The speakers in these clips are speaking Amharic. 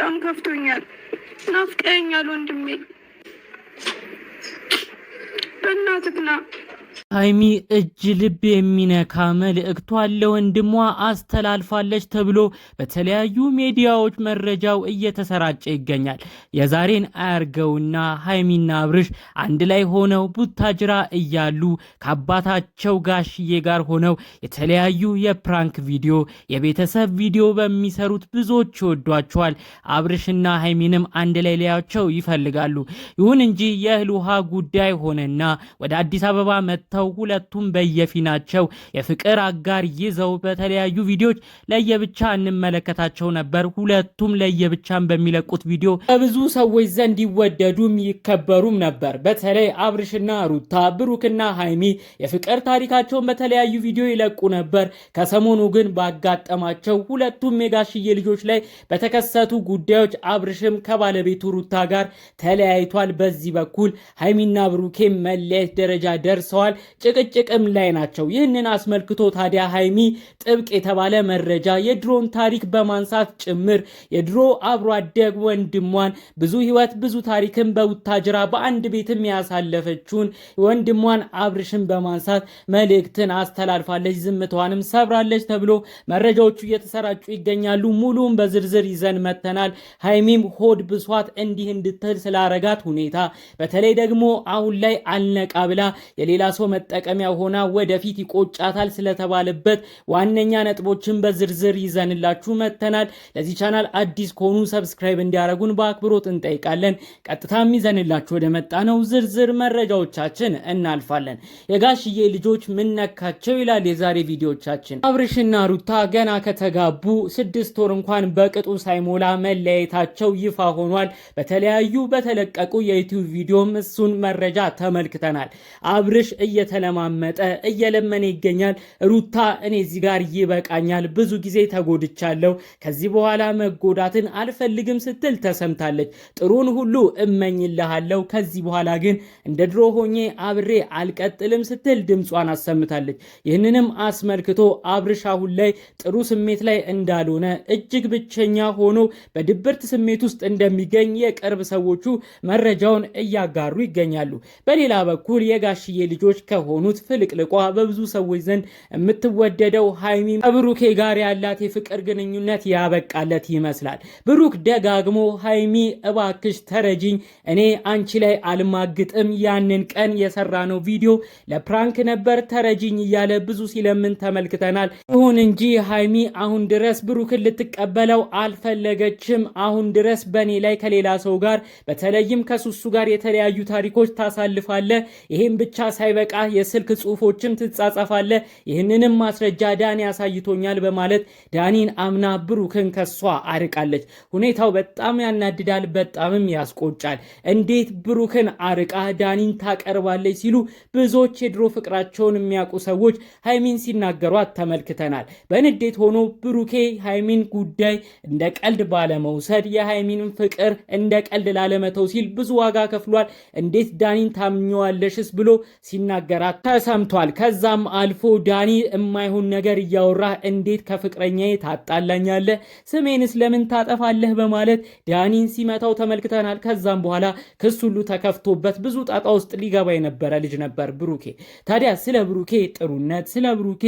በጣም ከፍቶኛል። ናፍቀኸኛል ወንድሜ፣ በእናትህ ና። ሀይሚ እጅ ልብ የሚነካ መልእክቷ ለወንድሟ አስተላልፋለች ተብሎ በተለያዩ ሚዲያዎች መረጃው እየተሰራጨ ይገኛል። የዛሬን አያርገውና ሀይሚና አብርሽ አንድ ላይ ሆነው ቡታጅራ እያሉ ከአባታቸው ጋሽዬ ጋር ሆነው የተለያዩ የፕራንክ ቪዲዮ፣ የቤተሰብ ቪዲዮ በሚሰሩት ብዙዎች ይወዷቸዋል። አብርሽና ሀይሚንም አንድ ላይ ሊያቸው ይፈልጋሉ። ይሁን እንጂ የእህል ውሃ ጉዳይ ሆነና ወደ አዲስ አበባ መጥተው ተነስተው ሁለቱም በየፊናቸው የፍቅር አጋር ይዘው በተለያዩ ቪዲዮዎች ለየብቻ እንመለከታቸው ነበር። ሁለቱም ለየብቻን በሚለቁት ቪዲዮ በብዙ ሰዎች ዘንድ ይወደዱም ይከበሩም ነበር። በተለይ አብርሽና ሩታ፣ ብሩክና ሃይሚ የፍቅር ታሪካቸውን በተለያዩ ቪዲዮ ይለቁ ነበር። ከሰሞኑ ግን ባጋጠማቸው ሁለቱም የጋሽዬ ልጆች ላይ በተከሰቱ ጉዳዮች አብርሽም ከባለቤቱ ሩታ ጋር ተለያይቷል። በዚህ በኩል ሃይሚና ብሩኬ መለያየት ደረጃ ደርሰዋል። ጭቅጭቅም ላይ ናቸው። ይህንን አስመልክቶ ታዲያ ሀይሚ ጥብቅ የተባለ መረጃ የድሮን ታሪክ በማንሳት ጭምር የድሮ አብሮ አደግ ወንድሟን ብዙ ህይወት ብዙ ታሪክን በውታጅራ በአንድ ቤትም ያሳለፈችውን ወንድሟን አብርሽን በማንሳት መልእክትን አስተላልፋለች፣ ዝምታዋንም ሰብራለች ተብሎ መረጃዎቹ እየተሰራጩ ይገኛሉ። ሙሉም በዝርዝር ይዘን መተናል። ሀይሚም ሆድ ብሷት እንዲህ እንድትል ስላረጋት ሁኔታ በተለይ ደግሞ አሁን ላይ አልነቃ ብላ የሌላ ሰው መጠቀሚያ ሆና ወደፊት ይቆጫታል ስለተባለበት ዋነኛ ነጥቦችን በዝርዝር ይዘንላችሁ መጥተናል። ለዚህ ቻናል አዲስ ከሆኑ ሰብስክራይብ እንዲያደርጉን በአክብሮት እንጠይቃለን። ቀጥታም ይዘንላችሁ ወደ መጣ ነው ዝርዝር መረጃዎቻችን እናልፋለን። የጋሽዬ ልጆች ምን ነካቸው ይላል የዛሬ ቪዲዮቻችን። አብርሽና ሩታ ገና ከተጋቡ ስድስት ወር እንኳን በቅጡ ሳይሞላ መለያየታቸው ይፋ ሆኗል። በተለያዩ በተለቀቁ የዩቲዩብ ቪዲዮም እሱን መረጃ ተመልክተናል። አብርሽ እየ እየተለማመጠ እየለመነ ይገኛል። ሩታ እኔ እዚህ ጋር ይበቃኛል፣ ብዙ ጊዜ ተጎድቻለሁ፣ ከዚህ በኋላ መጎዳትን አልፈልግም ስትል ተሰምታለች። ጥሩን ሁሉ እመኝልሃለሁ፣ ከዚህ በኋላ ግን እንደ ድሮ ሆኜ አብሬ አልቀጥልም ስትል ድምጿን አሰምታለች። ይህንንም አስመልክቶ አብርሽ አሁን ላይ ጥሩ ስሜት ላይ እንዳልሆነ እጅግ ብቸኛ ሆኖ በድብርት ስሜት ውስጥ እንደሚገኝ የቅርብ ሰዎቹ መረጃውን እያጋሩ ይገኛሉ። በሌላ በኩል የጋሽዬ ልጆች ከ ከሆኑት ፍልቅልቋ በብዙ ሰዎች ዘንድ የምትወደደው ሀይሚ ከብሩኬ ጋር ያላት የፍቅር ግንኙነት ያበቃለት ይመስላል። ብሩክ ደጋግሞ ሀይሚ እባክሽ ተረጅኝ፣ እኔ አንቺ ላይ አልማግጥም፣ ያንን ቀን የሰራ ነው ቪዲዮ ለፕራንክ ነበር፣ ተረጅኝ እያለ ብዙ ሲለምን ተመልክተናል። ይሁን እንጂ ሀይሚ አሁን ድረስ ብሩክን ልትቀበለው አልፈለገችም። አሁን ድረስ በእኔ ላይ ከሌላ ሰው ጋር በተለይም ከሱሱ ጋር የተለያዩ ታሪኮች ታሳልፋለ። ይህም ብቻ ሳይበቃ የስልክ ጽሁፎችም ትጻጻፋለ። ይህንንም ማስረጃ ዳኒ አሳይቶኛል በማለት ዳኒን አምና ብሩክን ከሷ አርቃለች። ሁኔታው በጣም ያናድዳል፣ በጣምም ያስቆጫል። እንዴት ብሩክን አርቃ ዳኒን ታቀርባለች ሲሉ ብዙዎች የድሮ ፍቅራቸውን የሚያውቁ ሰዎች ሃይሚን ሲናገሯት ተመልክተናል። በንዴት ሆኖ ብሩኬ ሃይሚን ጉዳይ እንደ ቀልድ ባለመውሰድ የሃይሚን ፍቅር እንደ ቀልድ ላለመተው ሲል ብዙ ዋጋ ከፍሏል። እንዴት ዳኒን ታምኘዋለሽስ ብሎ ሲናገ ሲናገራት ተሰምቷል። ከዛም አልፎ ዳኒ የማይሆን ነገር እያወራህ እንዴት ከፍቅረኛዬ ታጣላኛለህ? ስሜንስ ለምን ታጠፋለህ? በማለት ዳኒን ሲመታው ተመልክተናል። ከዛም በኋላ ክስ ሁሉ ተከፍቶበት ብዙ ጣጣ ውስጥ ሊገባ የነበረ ልጅ ነበር ብሩኬ። ታዲያ ስለ ብሩኬ ጥሩነት፣ ስለ ብሩኬ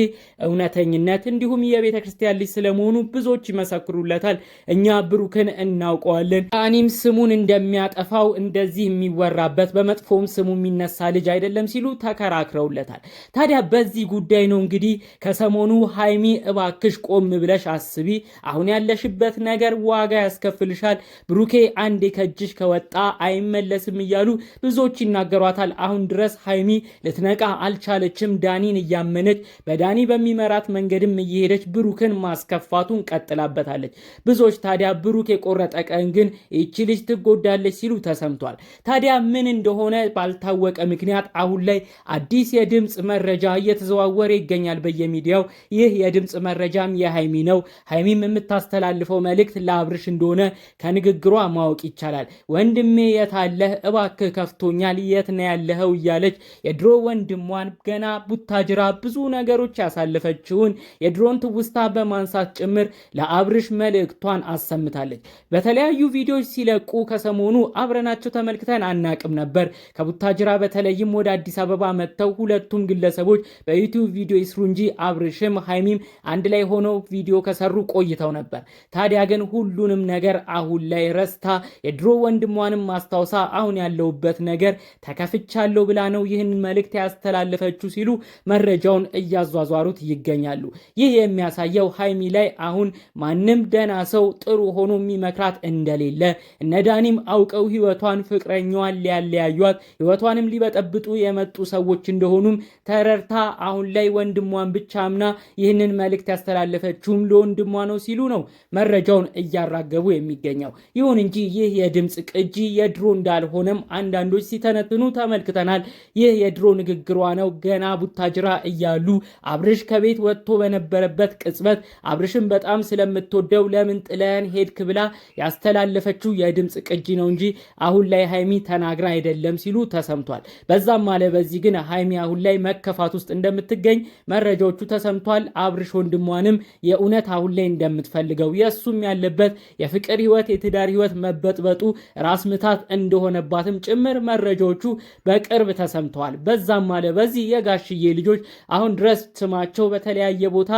እውነተኝነት እንዲሁም የቤተ ክርስቲያን ልጅ ስለመሆኑ ብዙዎች ይመሰክሩለታል። እኛ ብሩክን እናውቀዋለን። ዳኒም ስሙን እንደሚያጠፋው እንደዚህ የሚወራበት በመጥፎም ስሙ የሚነሳ ልጅ አይደለም ሲሉ ተከራ ተከራክረውለታል። ታዲያ በዚህ ጉዳይ ነው እንግዲህ ከሰሞኑ ሀይሚ እባክሽ ቆም ብለሽ አስቢ፣ አሁን ያለሽበት ነገር ዋጋ ያስከፍልሻል፣ ብሩኬ አንዴ ከእጅሽ ከወጣ አይመለስም እያሉ ብዙዎች ይናገሯታል። አሁን ድረስ ሀይሚ ልትነቃ አልቻለችም። ዳኒን እያመነች በዳኒ በሚመራት መንገድም እየሄደች ብሩክን ማስከፋቱን ቀጥላበታለች። ብዙዎች ታዲያ ብሩክ የቆረጠ ቀን ግን ይቺ ልጅ ትጎዳለች ሲሉ ተሰምቷል። ታዲያ ምን እንደሆነ ባልታወቀ ምክንያት አሁን ላይ አዲስ የድምፅ መረጃ እየተዘዋወረ ይገኛል በየሚዲያው። ይህ የድምፅ መረጃም የሃይሚ ነው። ሃይሚም የምታስተላልፈው መልእክት ለአብርሽ እንደሆነ ከንግግሯ ማወቅ ይቻላል። ወንድሜ የታለህ? እባክህ ከፍቶኛል፣ የት ነው ያለኸው? እያለች የድሮ ወንድሟን ገና ቡታጅራ ብዙ ነገሮች ያሳለፈችውን የድሮን ትውስታ በማንሳት ጭምር ለአብርሽ መልእክቷን አሰምታለች። በተለያዩ ቪዲዮዎች ሲለቁ ከሰሞኑ አብረናቸው ተመልክተን አናቅም ነበር። ከቡታጅራ በተለይም ወደ አዲስ አበባ መጥተው ሁለቱም ግለሰቦች በዩቲዩብ ቪዲዮ ይስሩ እንጂ አብርሽም ሀይሚም አንድ ላይ ሆነው ቪዲዮ ከሰሩ ቆይተው ነበር። ታዲያ ግን ሁሉንም ነገር አሁን ላይ ረስታ የድሮ ወንድሟንም ማስታወሳ አሁን ያለውበት ነገር ተከፍቻለሁ ብላ ነው ይህን መልእክት ያስተላለፈችው ሲሉ መረጃውን እያዟዟሩት ይገኛሉ። ይህ የሚያሳየው ሀይሚ ላይ አሁን ማንም ደህና ሰው ጥሩ ሆኖ የሚመክራት እንደሌለ እነ ዳኒም አውቀው ህይወቷን ፍቅረኛዋን ሊያለያዩት ህይወቷንም ሊበጠብጡ የመጡ ሰዎች ሰዎች እንደሆኑም ተረድታ አሁን ላይ ወንድሟን ብቻ አምና ይህንን መልእክት ያስተላለፈችውም ለወንድሟ ነው ሲሉ ነው መረጃውን እያራገቡ የሚገኘው። ይሁን እንጂ ይህ የድምፅ ቅጂ የድሮ እንዳልሆነም አንዳንዶች ሲተነትኑ ተመልክተናል። ይህ የድሮ ንግግሯ ነው። ገና ቡታጅራ እያሉ አብርሽ ከቤት ወጥቶ በነበረበት ቅጽበት አብርሽን በጣም ስለምትወደው ለምን ጥለን ሄድክ ብላ ያስተላለፈችው የድምፅ ቅጂ ነው እንጂ አሁን ላይ ሀይሚ ተናግራ አይደለም ሲሉ ተሰምቷል። በዛም አለ በዚህ ግን ሀይሚ አሁን ላይ መከፋት ውስጥ እንደምትገኝ መረጃዎቹ ተሰምቷል። አብርሽ ወንድሟንም የእውነት አሁን ላይ እንደምትፈልገው የእሱም ያለበት የፍቅር ህይወት የትዳር ህይወት መበጥበጡ ራስ ምታት እንደሆነባትም ጭምር መረጃዎቹ በቅርብ ተሰምተዋል። በዛም ማለ በዚህ የጋሽዬ ልጆች አሁን ድረስ ስማቸው በተለያየ ቦታ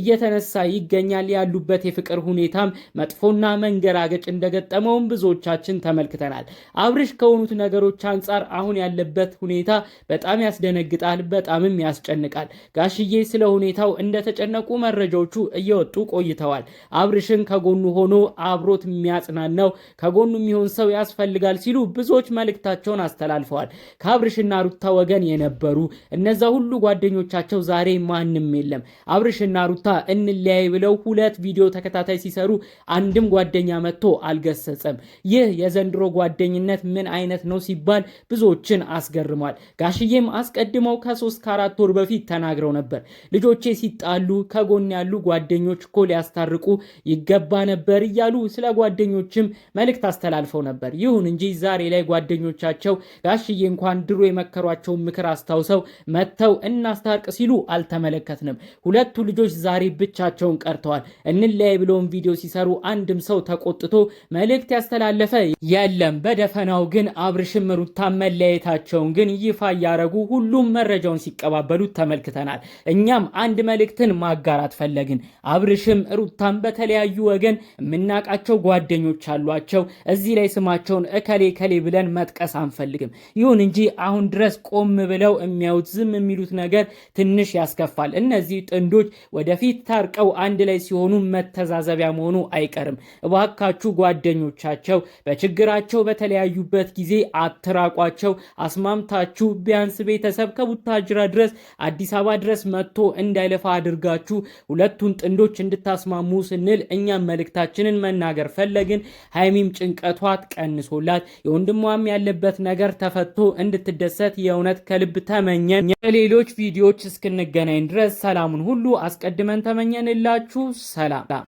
እየተነሳ ይገኛል። ያሉበት የፍቅር ሁኔታም መጥፎና መንገራገጭ እንደገጠመውም ብዙዎቻችን ተመልክተናል። አብርሽ ከሆኑት ነገሮች አንጻር አሁን ያለበት ሁኔታ በጣም ያስ ያስደነግጣል፣ በጣምም ያስጨንቃል። ጋሽዬ ስለ ሁኔታው እንደተጨነቁ መረጃዎቹ እየወጡ ቆይተዋል። አብርሽን ከጎኑ ሆኖ አብሮት የሚያጽናናው ከጎኑ የሚሆን ሰው ያስፈልጋል ሲሉ ብዙዎች መልእክታቸውን አስተላልፈዋል። ከአብርሽና ሩታ ወገን የነበሩ እነዛ ሁሉ ጓደኞቻቸው ዛሬ ማንም የለም። አብርሽና ሩታ እንለያይ ብለው ሁለት ቪዲዮ ተከታታይ ሲሰሩ አንድም ጓደኛ መጥቶ አልገሰጸም። ይህ የዘንድሮ ጓደኝነት ምን አይነት ነው ሲባል ብዙዎችን አስገርሟል። ጋሽዬም አስቀድመው ከሶስት ከአራት ወር በፊት ተናግረው ነበር። ልጆቼ ሲጣሉ ከጎን ያሉ ጓደኞች እኮ ሊያስታርቁ ይገባ ነበር እያሉ ስለ ጓደኞችም መልእክት አስተላልፈው ነበር። ይሁን እንጂ ዛሬ ላይ ጓደኞቻቸው ጋሽዬ እንኳን ድሮ የመከሯቸውን ምክር አስታውሰው መጥተው እናስታርቅ ሲሉ አልተመለከትንም። ሁለቱ ልጆች ዛሬ ብቻቸውን ቀርተዋል። እንለያይ ብለውን ቪዲዮ ሲሰሩ አንድም ሰው ተቆጥቶ መልእክት ያስተላለፈ የለም። በደፈናው ግን አብርሽም ሩታም መለያየታቸውን ግን ይፋ እያረጉ ሁሉም መረጃውን ሲቀባበሉት ተመልክተናል። እኛም አንድ መልእክትን ማጋራት ፈለግን። አብርሽም ሩታም በተለያዩ ወገን የምናቃቸው ጓደኞች አሏቸው። እዚህ ላይ ስማቸውን እከሌ ከሌ ብለን መጥቀስ አንፈልግም። ይሁን እንጂ አሁን ድረስ ቆም ብለው የሚያዩት ዝም የሚሉት ነገር ትንሽ ያስከፋል። እነዚህ ጥንዶች ወደፊት ታርቀው አንድ ላይ ሲሆኑ መተዛዘቢያ መሆኑ አይቀርም። እባካችሁ ጓደኞቻቸው በችግራቸው በተለያዩበት ጊዜ አትራቋቸው። አስማምታችሁ ቢያንስ ቤት ቤተሰብ ከቡታጅራ ድረስ አዲስ አበባ ድረስ መጥቶ እንዳይለፋ አድርጋችሁ ሁለቱን ጥንዶች እንድታስማሙ ስንል እኛም መልእክታችንን መናገር ፈለግን። ሀይሚም ጭንቀቷ ቀንሶላት የወንድሟም ያለበት ነገር ተፈቶ እንድትደሰት የእውነት ከልብ ተመኘን። ሌሎች ቪዲዮዎች እስክንገናኝ ድረስ ሰላሙን ሁሉ አስቀድመን ተመኘንላችሁ። ሰላም